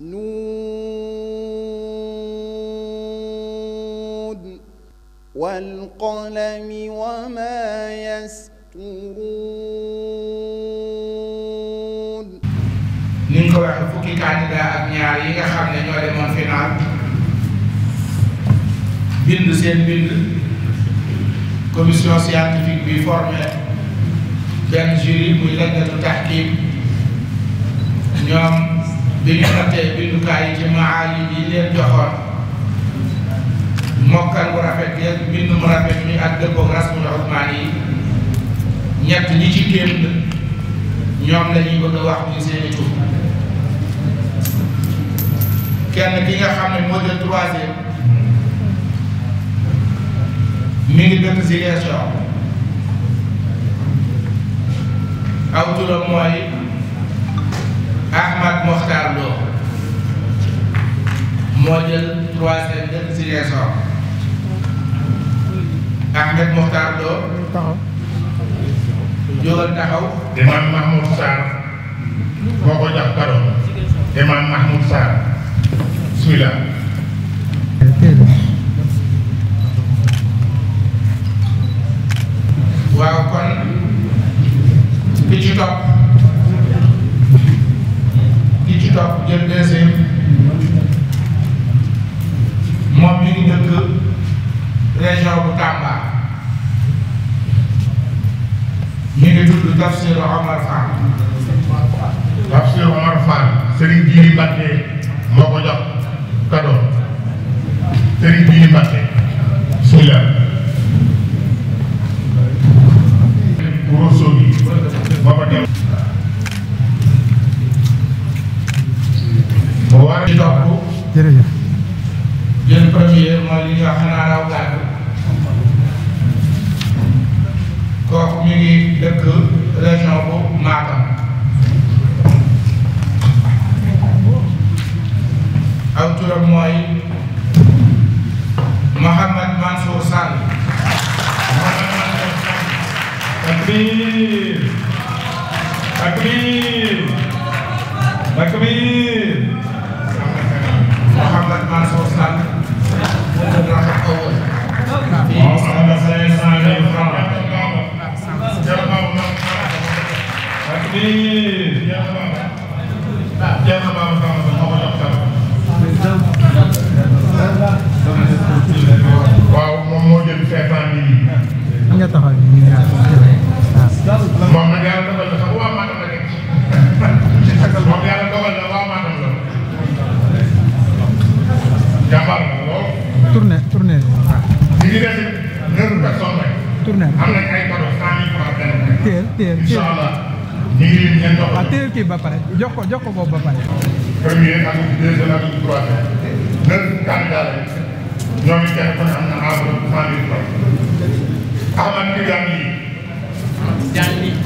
نون والقلم وما يسترون ni nga ko waxee fukki candidat ak ñaar yi nga xam ne ñoo demoon final bind seen bind commission scientifique bi formé benn jury muy lajnatu tahkim ñoom bi ñu nattee bindukaay yi ci maali yi leen joxoon mokkal bu rafet yeeg bind mu rafet mi ak dëppoog rasmul usmaan yi ñett ci génn ñoom la ñuy bëgg a wax ñu seeni ki nga xam ne moo jël troisième mi ngi dëkk si Ziguinchor aw turam mooy Ahmad Mokhtar Lo moo jël troisième dëkk si Ziguinchor Ahmed Mokhtar Lo jógal taxaw Imam Mahmoud Sarr boo ko jox parole Mahmoud Sarr bismillah Tafsir Omar Fall. Tafsir Omar Fall Serigne Djili Mbacké moo ko kado Serigne Djili Mbacké Soulèr. Rosso bi moo ko dem. bu war a jox ko. jërëjëf. jën première mooy li ñuy ñu ngi dëkk région bu Matam aw turam mooy Mouhamad Mansour Sall takbir takbir takbir Mouhamad Mansour Eh, jangan apa-apa. Tak, jangan apa-apa. téye kii ba pare jox ko jox ko boobu ba pare. premier amul deuxième amul troisième. neuf candidats la ñoom itam kon am na aw cent mille francs. Ahmad Tidiane lii. Tidiane lii.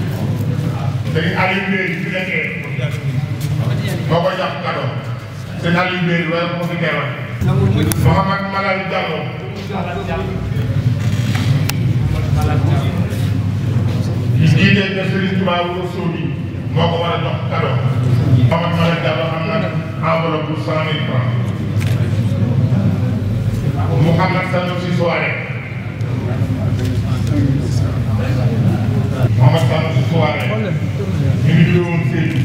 sëñ Aliou Mbéy bi nekkee. moo ko jox kado. sëñ Aliou Mbéy wala moo fi teewal. Mouhamad Malal Diallo. di jiite Serigne Touba Wuro Sow bi moo ko war a jox kado Mamadou Malick Diallo am na enveloppe bu cent mille francs mu xam nag Sanoussi Souare Mamadou Sanoussi Souare ñu ngi jóge woon Sédhiou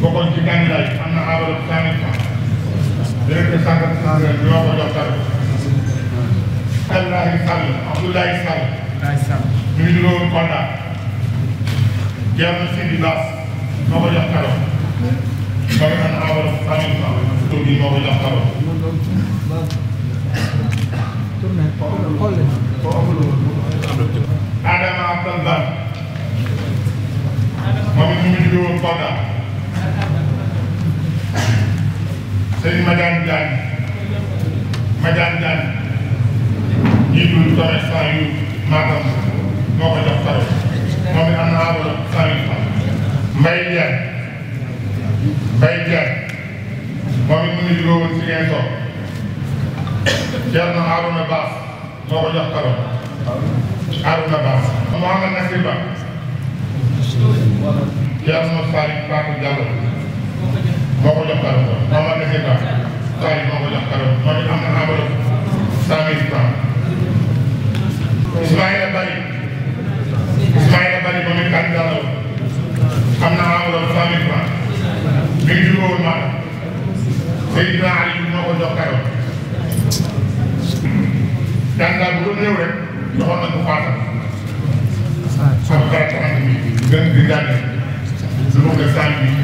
bokkoon ci candidat yi am na enveloppe cent mille francs directeur sànqal sànqal ñoo ko jox kado Abdoulaye Sall Abdoulaye Sall ñu ngi jóge woon Kolda Thierno Sidi Bass moo ko jox karo. Baye An Awal Amin Ba. tur bi moo ko jox karo. Adama Abdal Ba. moom it mu ngi jógee woon Kolda. Sëñ Madiane Diagne. Madiane Diagne. jiitu Torres Faye yu Matam moo ko jox karo. moom it am na àll sànq Mbaye Ndiaye Mbaye Ndiaye moom it mu ngi jógee woon si ngeen soog Thierno Arouna Baas moo ko jox kàddoon Arouna Baas. Mouhamed Nasir Ba Thierno Salick Bakhoum Diallo moo ko jox kàddoon Mouhamed Nasir Ba Salick moo ko jox kàddoon moom it am na àll sànq Ismaïla Bari ba muy candidat la woon am na enveloppe cent mille francs mi ngi jóge woon Matam Seydina Aliou moo ko jox keroog candidat bu doon ñëw rek joxoon na ko faatal xam nga trente mille gën di gàdde lu mu nga cent mille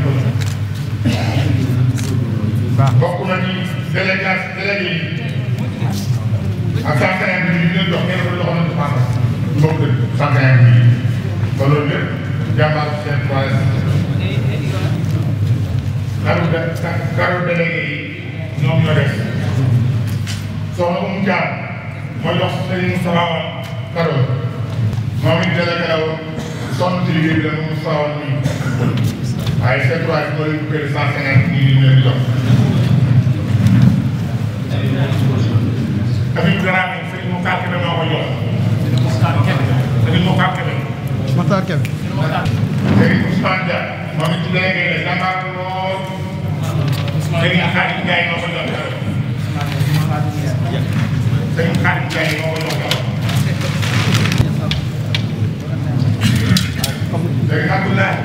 ko bokk na ci délégué délégué yi ak cent cinquante mille ñu leen jox kenn ko joxoon na ko faatal du bokk cent cinquante mille ba loolu lépp jàmbaar seen toile karu da karu délégué yi ñoom ñoo def soxna Oumou Thiam mooy dox Serigne Moustapha karo moom it délégué la woon sonn ci liggéey bi la Moustapha Wane nii waaye seen toile moo leen coupé cent cinquante mille ñu leen di jox Habib Dara moom Serigne Moussa Kébé moo ko jox Serigne Mokhtar Kébé. Serigne Ousmane Dia moom it ci délégué la jàmbaar lool. Serigne Khadim Ndiaye moo ko jox dara. Serigne Khadim Ndiaye moo ko jox dara. Serigne Abdoulaye.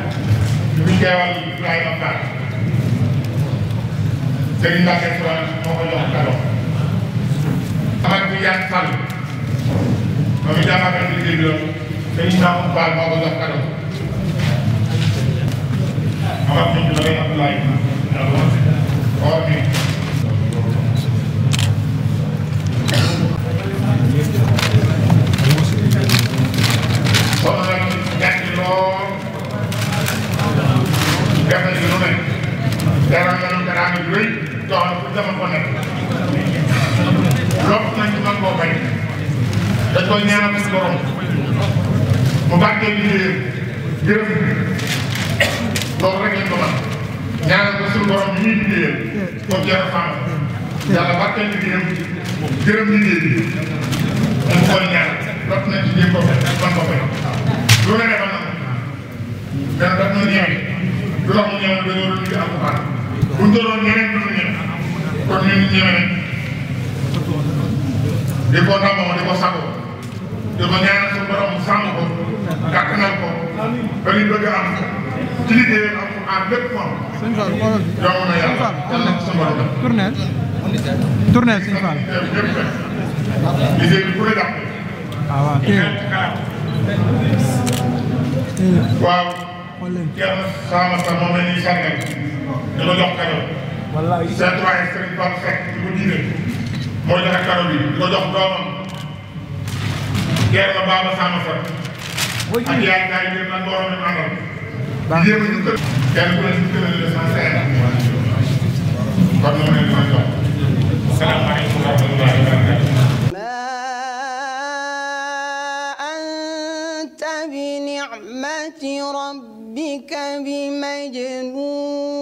ñu ngi teewal Ibrahima Fall. Serigne Mbacke moo ko jox dara. Amath Tidiane Fall moom it jàmbaar liggéey bi sëñ Samba Fall maa ko jox kàddu amat nañ la koy Abdoulaye xool bi soxna bi gàtt lool def nañ lu ne garaan nañu garaan yu rëy jox na ku dama ko nekk lopp nañ ci man koo fay dañ koy ñaanal si borom mu bàggee liggéeyam gërëm loolu rek lañ ko mën ñaanal ko suñu borom bi ñuy liggéeyam comme Diarra Fane yàlla bàggee liggéeyam gërëm liggéey bi dañ koy ñaan daf nañ ci jéem ko fekk man ko fekk lu ne defal na ko mais daf na ñëwee lu tax mu ñëw dañoo doon liggéey alxuraan buñ doon ñeneen du ñu ñëw kon ñun ñëwee di ko ndamoo di ko sagoo di ko ñaanal suñu borom sàmm ko. gàttanal ko ba li bëgg am ko ci liggéeyam am ko en lépp moom. yomb na yàlla yàlla ci sama borom. tournel tournel sëñ Fall. liggéey bi ku la ah, jàpp. waaw waaw téye waaw. kenn sama sa moom la ñuy sàngal dama jox kado. wallaay seen waaye Serigne Fall fekk di ko diine mooy joxe kado bi di ko jox doomam. kenn baaba sama sa. ak yaay daal di man borom ñu àndoon. baax na ñu kër. kenn ku ne ñu kër la cent cinq. kon noonu lañ ma jox. salaamaaleykum wa rahmatullahi wa barakatuh. anta bi ni'mati rabbika bi majnun